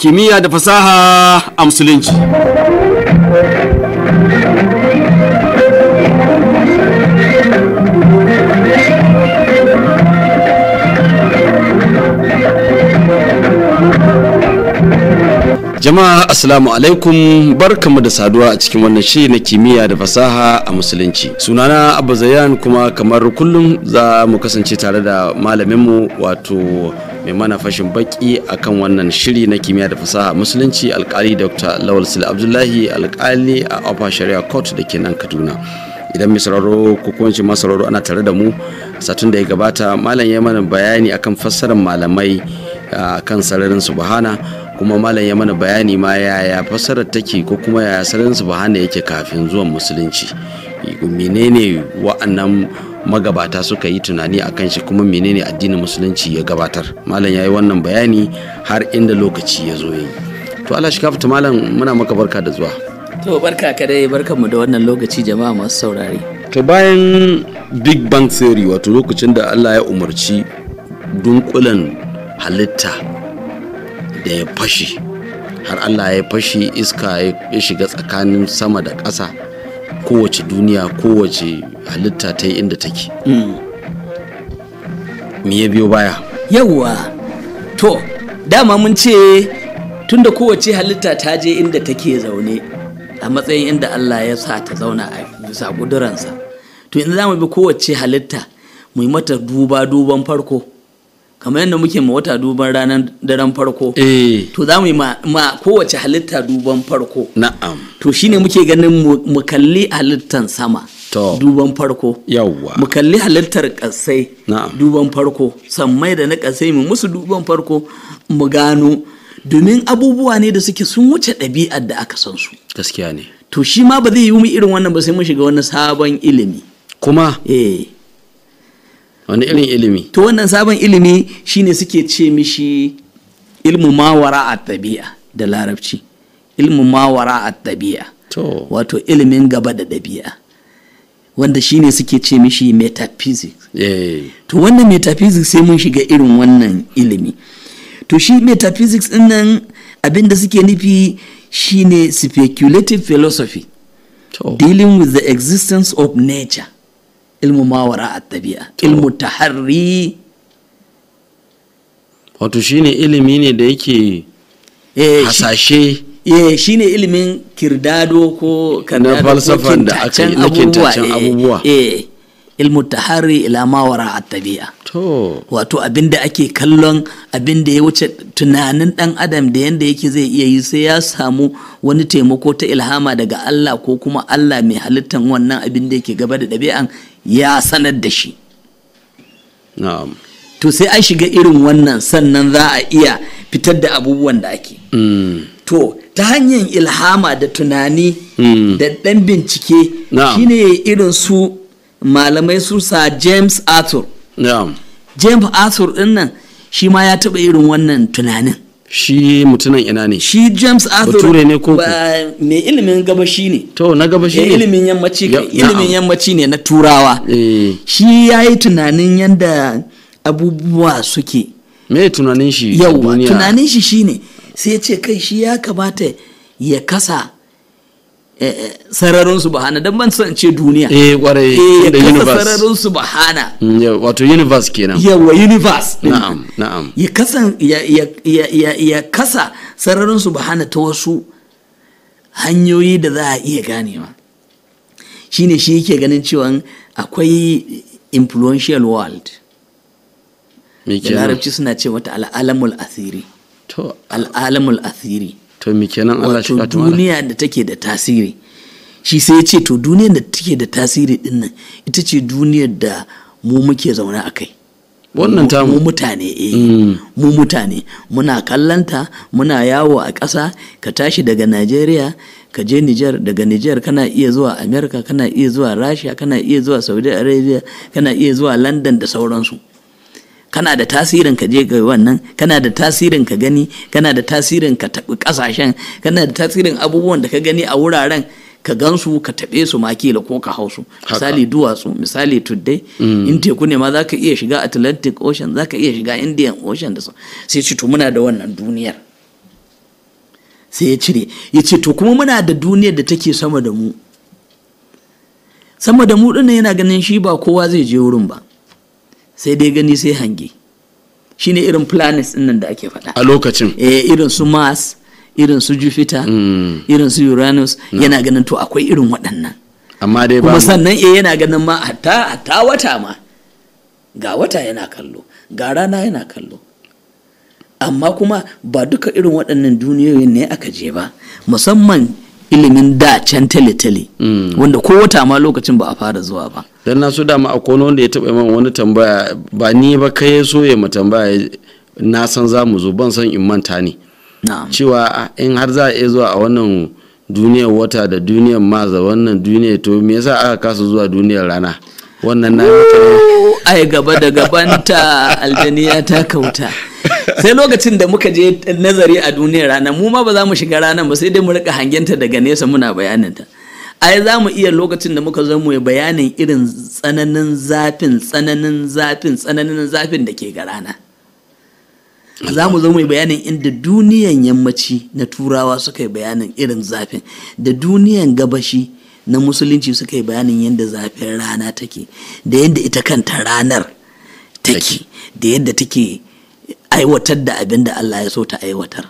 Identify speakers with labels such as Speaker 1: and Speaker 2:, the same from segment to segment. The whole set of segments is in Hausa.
Speaker 1: kimiyya da fasaha a musulunci
Speaker 2: jama'a assalamu alaikum barkamu da saduwa a cikin wannan shi na kimiyya da fasaha a musulunci sunana abu zayan kuma kamar kullum za mu kasance tare da malaminmu wato mai mana fashin baki akan wannan shiri na kimiyya da fasaha musulunci alkali dr lawal sule abdullahi alkali a ofa shari'a court da ke nan kaduna idan misararo ko kunci masararo ana tare da mu satun da ya gabata malam ya mana bayani akan fassarar malamai kan sararin subhana kuma malam ya mana bayani ma yaya fassarar take ko kuma yaya sararin subhana yake kafin zuwan musulunci menene wa'annan magabata suka yi tunani a kan shi kuma menene addinin musulunci ya gabatar malam ya yi wannan bayani har inda lokaci ya zo yi to Allah shi kafta malam muna maka barka da zuwa
Speaker 1: to barka ka dai barkan mu da wannan lokaci jama'a masu saurare
Speaker 2: to bayan big bang theory wato lokacin da Allah ya umarci dunkulen halitta da ya fashi, har Allah ya fashi iska ya shiga tsakanin sama da ƙasa kowace duniya kowace halitta ta yi inda take mm. me ya biyo baya
Speaker 1: yawwa to dama mun ce tunda kowace halitta ta je inda take zaune a matsayin inda Allah ya sa ta zauna a bisa ƙuduransa to inda za mu bi kowace halitta mu yi mata duba duban farko kamar yadda muke ma wata duban ranar daren farko eh. to za mu yi ma kowace halitta duban farko na'am to shine muke ganin mu kalli halittan sama duban farko yawwa mu kalli halittar kasai duban farko sammai da na kasai mu musu duban farko mu gano domin abubuwa ne da suke sun wuce ɗabi'ar da aka san su gaskiya ne to shi ma ba zai yi mu irin wannan ba sai mun shiga wani sabon ilimi kuma eh wani irin ilimi to wannan sabon ilimi shine suke ce mishi ilmu mawara a tabi'a da larabci ilmu mawara a tabi'a wato ilimin gaba da ɗabi'a wanda shine suke ce mishi metaphysics eh. to wannan metaphysics sai mun shiga irin wannan ilimi to shi metaphysics din nan abin da suke nufi shine speculative philosophy dealing with the existence of nature ilmu mawara a tabi'a ilmu taharri
Speaker 2: wato shine ilimi ne da yake eh,
Speaker 1: hasashe eh shine ilimin kirdado ko kanadu ko da abubuwa eh, eh ilmu tahari ila mawara a wato abinda ake kallon abinda ya wuce tunanin dan adam da yanda yake zai iya yi sai ya samu wani taimako ta ilhama daga Allah ko kuma Allah mai halittan wannan abin da yake gaba da ɗabi'an ya sanar da shi to sai an shiga irin wannan sannan za a iya fitar da abubuwan da ake mm. to ta hanyar ilhama da tunani mm. da ɗan bincike shine irin su malamai su sa james arthur james arthur din nan shi ma ya taɓa irin wannan tunanin shi mutunan ina ne shi james arthur ne ko mai ilimin gabashi ne to na gabashi ne ilimin yammaci ilimin yammaci ne na turawa eh. shi ya yi tunanin yadda abubuwa suke me tunanin shi yawa tunanin shi shine sai ya ce kai shi ya kamata ya kasa sararin subhana don ban sance duniya eh kwarai eh, da universe sararin subhana
Speaker 2: mm, wato universe kenan yawa
Speaker 1: universe na'am na'am ya kasa ya kasa sararin subhana ta wasu hanyoyi da za a iya ganewa shine shi yake ganin cewa akwai influential world me larabci suna ce wata al'alamul asiri to al'alamul asiri to mi kenan Allah shi wato duniya da take da tasiri shi sai ya ce to duniyar da take da tasiri din nan ita ce duniyar da mu muke zaune a kai wannan ta mu mutane eh mm. mu mutane muna kallanta muna yawo a ƙasa ka tashi daga Najeriya ka je Niger daga Niger kana iya zuwa America kana iya zuwa Russia kana iya zuwa Saudi Arabia kana iya zuwa London da sauransu kana da tasirin ka je ga wannan kana da tasirin ka gani kana da tasirin ka taɓi ƙasashen kana da tasirin abubuwan da ka gani a wuraren ka gansu ka taɓe su makila ko ka hausu misali duwatsu misali tuddai mm. in teku ne ma za ka iya shiga atlantic ocean za ka iya shiga indian ocean da su sai ci to muna da wannan duniyar sai ya cire ya ce to kuma muna da duniyar da take sama da mu sama da mu ɗin yana ganin shi ba kowa zai je wurin ba sai dai gani sai hange ne irin planets din nan da ake faɗa a lokacin eh irin su mars irin su jupiter hmm. irin su uranus yana ganin to akwai irin waɗannan amma dai kuma sannan eh yana ganin ma hatta hatta wata ma ga wata yana kallo ga rana yana kallo amma kuma ba duka irin waɗannan duniyoyin ne aka je ba musamman ilimin da can tale-tale hmm. wanda ko wata ma lokacin ba a fara zuwa ba
Speaker 2: dan na so dama akwai wani wanda ya taɓa min wani tambaya ba ni ba kai so ya ma tambaya na san za mu zo ban san in manta ne cewa in har za a iya zuwa a wannan duniyar wata da duniyar mars da wannan duniyar to me yasa aka kasa zuwa duniyar rana wannan na
Speaker 1: ai gaba da gabanta aljaniya ta kauta sai lokacin da muka je nazari a duniyar rana mu ma ba za mu shiga ranar ba sai dai mu rika hangenta daga nesa muna bayanin ta ai za mu iya lokacin da muka zo mu bayanin irin tsananin zafin tsananin zafin tsananin zafin da ke ga rana za mu zo mu bayanin inda duniyan yammaci na turawa suka yi bayanin irin zafin da duniyan gabashi na musulunci suka yi bayanin yadda zafin rana take da yadda ita kanta ranar take da yadda take aiwatar da abin da Allah ya so ta aiwatar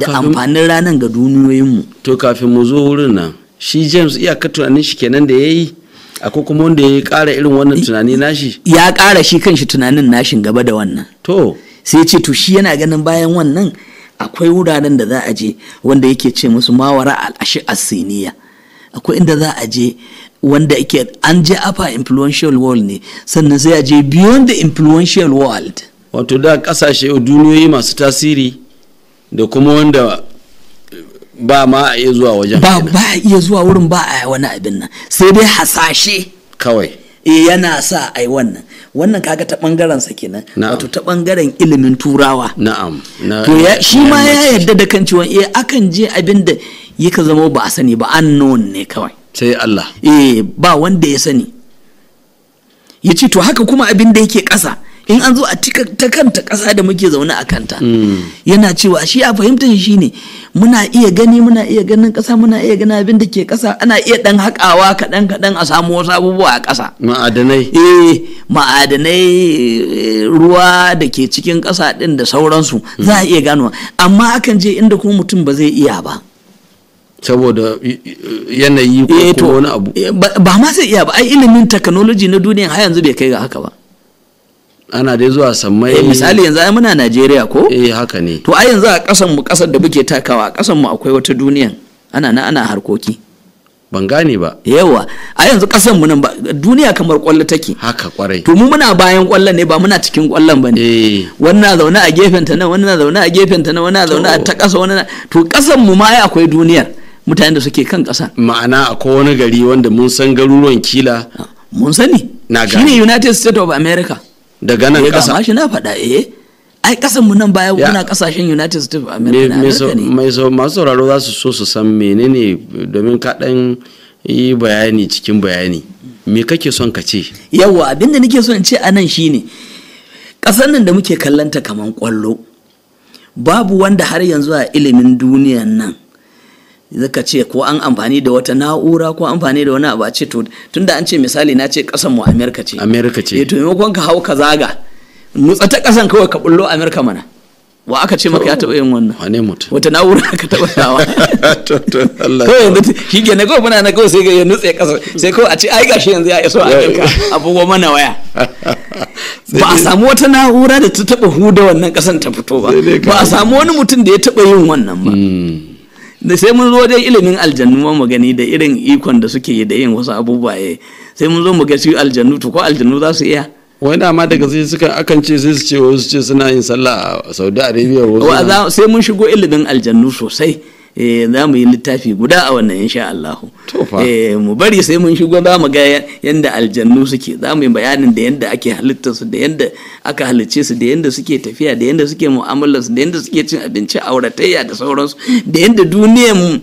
Speaker 1: da amfanin
Speaker 2: ranar ga duniyoyinmu to kafin mu zo wurin nan shi james iyaka tunanin shi
Speaker 1: kenan da ya yi akwai kuma wanda ya kara irin wannan tunani nashi ya ƙara shi kanshi tunanin nashin gaba da wannan to sai ce to shi yana ganin bayan wannan akwai wuraren da za a je wanda yake ce musu mawara al'ashi asiniya akwai inda za a je wanda yake an je upper influential world ne sannan sai a je beyond the influential world wato da kasashe duniyoyi masu tasiri da kuma
Speaker 2: wanda ba ma a iya zuwa wajen ba
Speaker 1: ba a iya zuwa wurin ba a wani abin nan sai dai hasashe kawai eh, yana sa ai wannan wannan kaga ta bangaren sa kenan wato ta bangaren ilimin turawa na'am to ya shi ma ya yarda da kan cewa eh akan je abinda da yaka zama ba a sani ba unknown ne kawai sai Allah eh ba wanda ya sani ya ce to haka kuma abin da yake ƙasa in an zo a cika ta kanta ƙasa da muke zaune a kanta hmm. yana cewa shi a fahimtar shi ne muna iya gani muna iya ganin ƙasa muna iya ganin abin da ke ƙasa ana iya ɗan haƙawa kaɗan kaɗan a samu wasu abubuwa a ƙasa ma'adanai eh ma'adanai ruwa da ke cikin ƙasa ɗin da sauransu hmm. za a iya ganowa amma akan je inda kuma mutum ba zai iya ba saboda yanayi ko eh, wani abu eh, ba ma sai iya ba ai ilimin technology na duniya har yanzu bai kai ga haka ba ana dai zuwa sammai eh misali yanzu ai muna Najeriya ko eh haka ne to ai yanzu a kasan mu kasar da muke takawa a kasan mu akwai wata duniyan ana na ana harkoki ban gane ba yawa a yanzu kasan mu nan ba duniya kamar kwallo take haka kwarai to mu muna bayan kwallon ne ba muna cikin kwallon ba ne wannan eh. wani na zaune a gefen ta nan wani na zaune a gefen ta nan wani na zaune a ta kasa wani na to kasan mu ma akwai duniyar mutanen da suke kan kasa ma'ana akwai wani gari wanda mun san garuruwan kila mun sani na shine United States of America daga nan kasa eh, kama na faɗa eh ai kasan mu nan baya kuna kasashen United States of America
Speaker 2: mai so masu sauraro za su so su san menene domin kaɗan yi bayani cikin bayani me kake son ka ce
Speaker 1: yawa abinda nake son ce anan shine kasan nan da muke kallanta kaman kwallo babu wanda har yanzu a ilimin duniyan nan zaka ce ko an amfani da wata na'ura ko amfani da wani abu a ce to tunda an ce misali na ce kasan mu amerika ce amerika ce eh, to maimakon ka hau ka zaga nutsa ta kasan kawai ka bullo amerika mana wa aka ce maka ya taɓa yin wannan wane mutum wata na'ura aka taɓa tawa to to Allah kawai yanzu shi ke na kawai muna na kawai sai ga ya nutse kasan sai kawai a ce ai gashi yanzu ya iso a kanka a bugo mana waya ba a samu wata na'ura da ta taɓa huda wannan kasan ta fito ba ba a samu wani mutum da ya taɓa yin wannan ba hmm. sai mun zo dai ilimin aljannu mu gani da irin ikon da suke da yin wasu abubuwa eh. sai mun zo mu ga su aljannu to ko aljannu za su iya wai ma daga sai suka
Speaker 2: akan ce sai su ce wasu ce suna yin sallah a saudi arabia
Speaker 1: wasu sai mun shigo ilimin aljannu sosai Eh, za mu yi littafi guda a wannan insha Allah eh, mu bari sai mun shigo za mu ga yadda aljannu suke za mu yi bayanin da yadda ake halitta su da yadda aka halicce su da yadda suke tafiya da yadda suke mu'amalar da yadda suke cin abinci auratayya da sauransu da yadda duniyan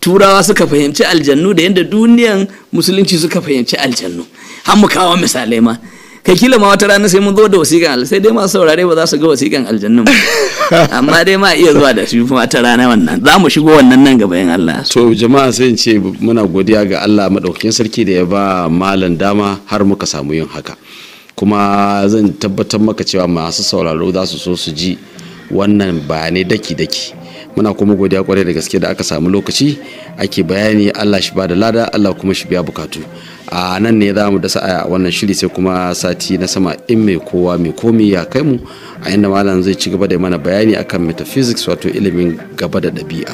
Speaker 1: turawa suka fahimci aljannu da yadda duniyan musulunci suka fahimci aljannu an mu kawo misalai ma kai kila ma wata rana sai mun zo da wasiƙan sai dai masu saurare ba za su ga wasiƙan aljannu ba amma dai ma iya zuwa da shi kuma ta rana
Speaker 2: wannan za mu shigo wannan nan gaba in Allah to jama'a sai in ce muna godiya ga Allah madaukakin sarki da ya ba malam dama har muka samu yin haka kuma zan tabbatar maka cewa masu sauraro za su so su ji wannan bayanai daki-daki muna kuma godiya kwarai da gaske da aka samu lokaci ake bayani Allah shi ba da lada Allah kuma shi biya bukatu a nan ne za mu dasa a wannan shiri sai kuma sati na sama in mai kowa mai komi ya kai mu a inda malam zai ci gaba da mana bayani akan metaphysics wato ilimin gaba da ɗabi'a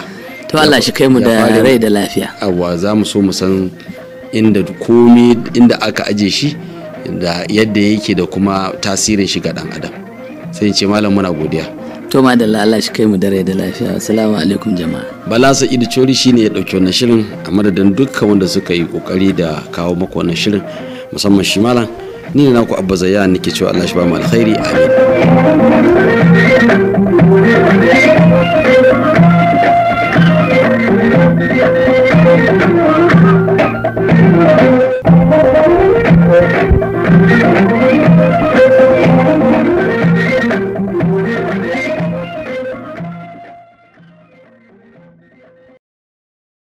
Speaker 2: to Allah shi kai mu da rai da lafiya awa za mu so mu san inda komi inda aka aje shi da yadda yake da kuma tasirin shi ga dan adam sai in ce malam muna godiya
Speaker 1: to ma da lalashi kai mu dare da lafiya assalamu
Speaker 2: alaikum jama'a bala sa'idu cori shine ya dauki wannan shirin a madadin dukkan wanda suka yi kokari da kawo maka wannan shirin musamman shi malam ni ne naku abba zayya nake cewa Allah shi ba mu alkhairi amin